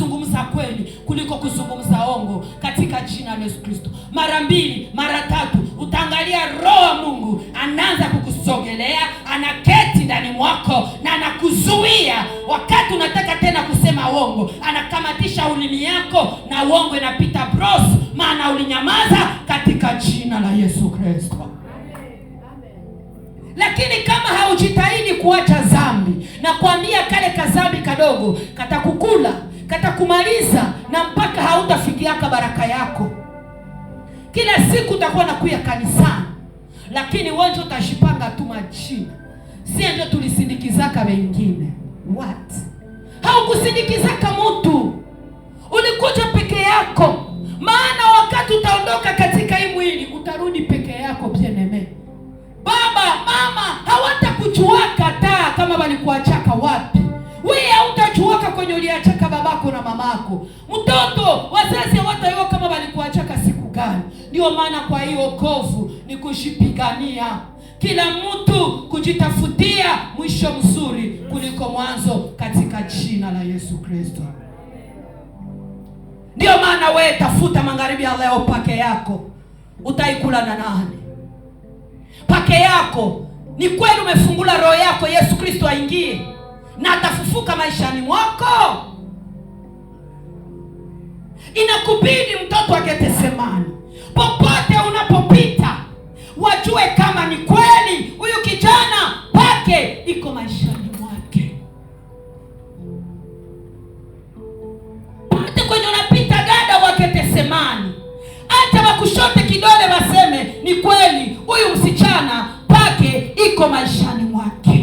Nazungumza kweli kuliko kuzungumza ongo katika jina la Yesu Kristo. Mara mbili, mara tatu, utaangalia roho wa Mungu anaanza kukusogelea, anaketi ndani mwako na anakuzuia. Wakati unataka tena kusema ongo, anakamatisha ulimi yako na uongo inapita bros, maana ulinyamaza katika jina la Yesu Kristo. Lakini kama haujitahidi kuacha dhambi, na kuambia kale kazambi kadogo katakukula katakumaliza na mpaka hautafikiaka baraka yako. Kila siku utakuwa nakuya kanisani, lakini ndio utashipanga tu majina, sie ndio tulisindikizaka wengine. What haukusindikizaka mtu kwenye uliachaka babako na mamako. Mtoto wazazi hawataiwa kama walikuachaka siku gani. Ndio maana kwa hiyo wokovu ni kushipigania, kila mtu kujitafutia mwisho mzuri kuliko mwanzo, katika jina la Yesu Kristo. Ndio maana we tafuta magharibi ya leo pake yako, utaikula na nani? Pake yako ni kweli, umefungula roho yako Yesu Kristo aingie na atafufuka maishani mwako. Inakubidi mtoto wa Gethsemane, popote unapopita, wajue kama ni kweli huyu kijana pake iko maishani mwake. Popote kwenye unapita, dada wa Gethsemane, hata wakushote kidole waseme ni kweli, huyu msichana pake iko maishani mwake.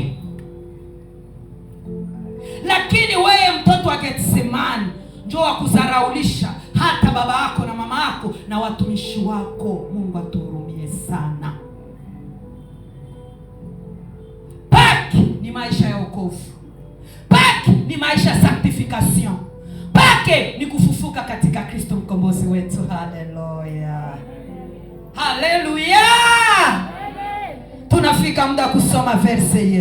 Gethsemane, njoo wakuzaraulisha hata baba yako na mama yako na watumishi wako. Mungu atuhurumie sana. Paki ni maisha ya wokovu, paki ni maisha ya sanctification, pake ni kufufuka katika Kristo mkombozi wetu. Haleluya, haleluya. Tunafika muda kusoma verse yetu.